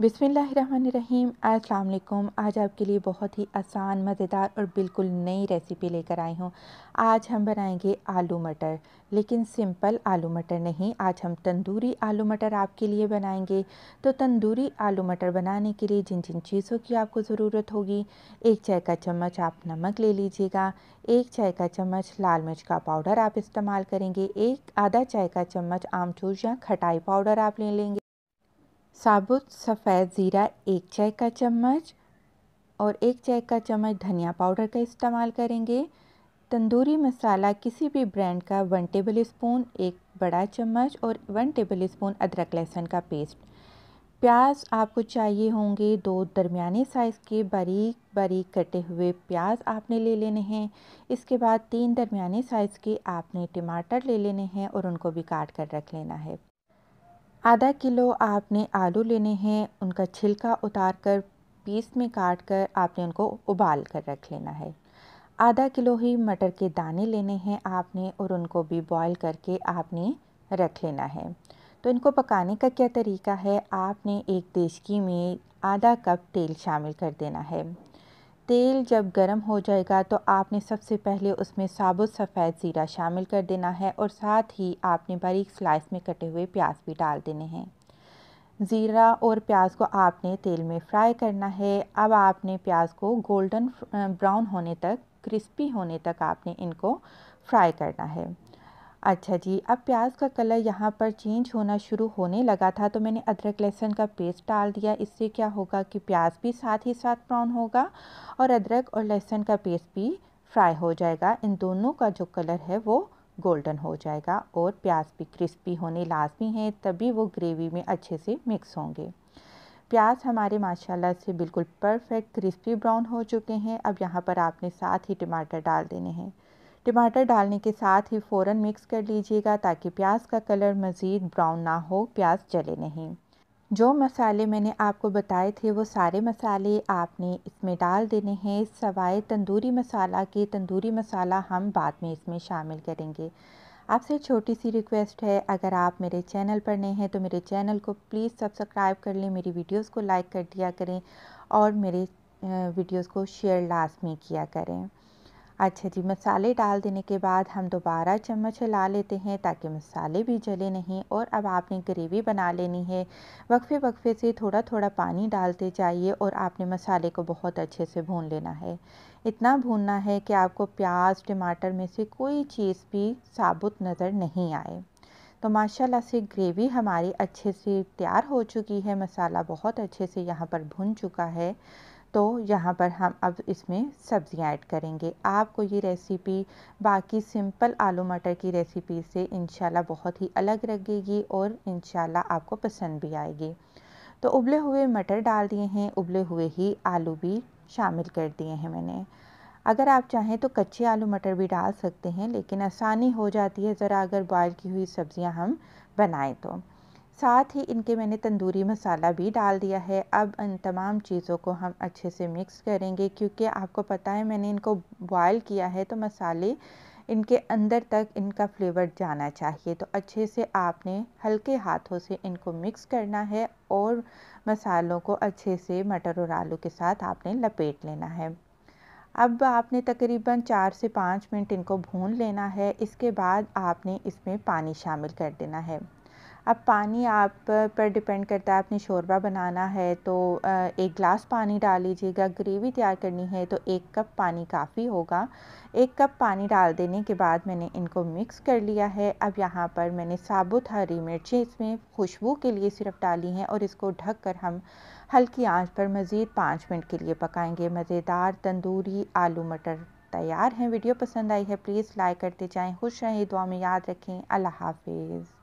बिसमीम अस्सलाम आज आपके लिए बहुत ही आसान मज़ेदार और बिल्कुल नई रेसिपी लेकर आई हूँ आज हम बनाएंगे आलू मटर लेकिन सिंपल आलू मटर नहीं आज हम तंदूरी आलू मटर आपके लिए बनाएंगे तो तंदूरी आलू मटर बनाने के लिए जिन जिन चीज़ों की आपको ज़रूरत होगी एक चाय का चम्मच आप नमक ले लीजिएगा एक चाय का चम्मच लाल मिर्च का पाउडर आप इस्तेमाल करेंगे एक आधा चाय का चम्मच आमचूर या खटाई पाउडर आप ले लेंगे साबुत सफ़ेद ज़ीरा एक चाय का चम्मच और एक चाय का चम्मच धनिया पाउडर का इस्तेमाल करेंगे तंदूरी मसाला किसी भी ब्रांड का वन टेबल स्पून एक बड़ा चम्मच और वन टेबल स्पून अदरक लहसुन का पेस्ट प्याज आपको चाहिए होंगे दो दरमिया साइज़ के बारीक बारीक कटे हुए प्याज आपने ले लेने हैं इसके बाद तीन दरमिया साइज़ के आपने टमाटर ले लेने हैं और उनको भी काट कर रख लेना है आधा किलो आपने आलू लेने हैं उनका छिलका उतार कर पीस में काट कर आपने उनको उबाल कर रख लेना है आधा किलो ही मटर के दाने लेने हैं आपने और उनको भी बॉईल करके आपने रख लेना है तो इनको पकाने का क्या तरीका है आपने एक देशकी में आधा कप तेल शामिल कर देना है तेल जब गर्म हो जाएगा तो आपने सबसे पहले उसमें साबुत सफ़ेद ज़ीरा शामिल कर देना है और साथ ही आपने बारीक स्लाइस में कटे हुए प्याज भी डाल देने हैं ज़ीरा और प्याज को आपने तेल में फ्राई करना है अब आपने प्याज को गोल्डन ब्राउन होने तक क्रिस्पी होने तक आपने इनको फ्राई करना है अच्छा जी अब प्याज का कलर यहाँ पर चेंज होना शुरू होने लगा था तो मैंने अदरक लहसुन का पेस्ट डाल दिया इससे क्या होगा कि प्याज भी साथ ही साथ ब्राउन होगा और अदरक और लहसुन का पेस्ट भी फ्राई हो जाएगा इन दोनों का जो कलर है वो गोल्डन हो जाएगा और प्याज भी क्रिस्पी होने लाजमी है तभी वो ग्रेवी में अच्छे से मिक्स होंगे प्याज हमारे माशाल्लाह से बिल्कुल परफेक्ट क्रिस्पी ब्राउन हो चुके हैं अब यहाँ पर आपने साथ ही टमाटर डाल देने हैं टमाटर डालने के साथ ही फ़ौरन मिक्स कर लीजिएगा ताकि प्याज का कलर मज़ीद ब्राउन ना हो प्याज जले नहीं जो मसाले मैंने आपको बताए थे वो सारे मसाले आपने इसमें डाल देने हैं सवाए तंदूरी मसाला के तंदूरी मसाला हम बाद में इसमें शामिल करेंगे आपसे छोटी सी रिक्वेस्ट है अगर आप मेरे चैनल पर नए हैं तो मेरे चैनल को प्लीज़ सब्सक्राइब कर लें मेरी वीडियोस को लाइक कर दिया करें और मेरे वीडियोस को शेयर लाजमी किया करें अच्छा जी मसाले डाल देने के बाद हम दोबारा चम्मच हिला लेते हैं ताकि मसाले भी जले नहीं और अब आपने ग्रेवी बना लेनी है वक्फे वक्फे से थोड़ा थोड़ा पानी डालते जाइए और आपने मसाले को बहुत अच्छे से भून लेना है इतना भूनना है कि आपको प्याज टमाटर में से कोई चीज़ भी साबुत नज़र नहीं आए तो माशाल्लाह से ग्रेवी हमारी अच्छे से तैयार हो चुकी है मसाला बहुत अच्छे से यहाँ पर भुन चुका है तो यहाँ पर हम अब इसमें सब्ज़ियाँ ऐड करेंगे आपको ये रेसिपी बाकी सिंपल आलू मटर की रेसिपी से इनशाला बहुत ही अलग लगेगी और इनशाला आपको पसंद भी आएगी तो उबले हुए मटर डाल दिए हैं उबले हुए ही आलू भी शामिल कर दिए हैं मैंने अगर आप चाहें तो कच्चे आलू मटर भी डाल सकते हैं लेकिन आसानी हो जाती है ज़रा अगर बॉयल की हुई सब्ज़ियाँ हम बनाएँ तो साथ ही इनके मैंने तंदूरी मसाला भी डाल दिया है अब इन तमाम चीज़ों को हम अच्छे से मिक्स करेंगे क्योंकि आपको पता है मैंने इनको बॉयल किया है तो मसाले इनके अंदर तक इनका फ्लेवर जाना चाहिए तो अच्छे से आपने हल्के हाथों से इनको मिक्स करना है और मसालों को अच्छे से मटर और आलू के साथ आपने लपेट लेना है अब आपने तकरीबन चार से पाँच मिनट इनको भून लेना है इसके बाद आपने इसमें पानी शामिल कर देना है अब पानी आप पर डिपेंड करता है आपने शोरबा बनाना है तो एक गिलास पानी डाल लीजिएगा ग्रेवी तैयार करनी है तो एक कप पानी काफ़ी होगा एक कप पानी डाल देने के बाद मैंने इनको मिक्स कर लिया है अब यहाँ पर मैंने साबुत हरी मिर्ची इसमें खुशबू के लिए सिर्फ डाली है और इसको ढक कर हम हल्की आंच पर मज़ीद पाँच मिनट के लिए पकाएंगे मज़ेदार तंदूरी आलू मटर तैयार हैं वीडियो पसंद आई है प्लीज़ लाइक करते जाएं खुश रहें दुआ में याद रखें अल्लाह हाफिज़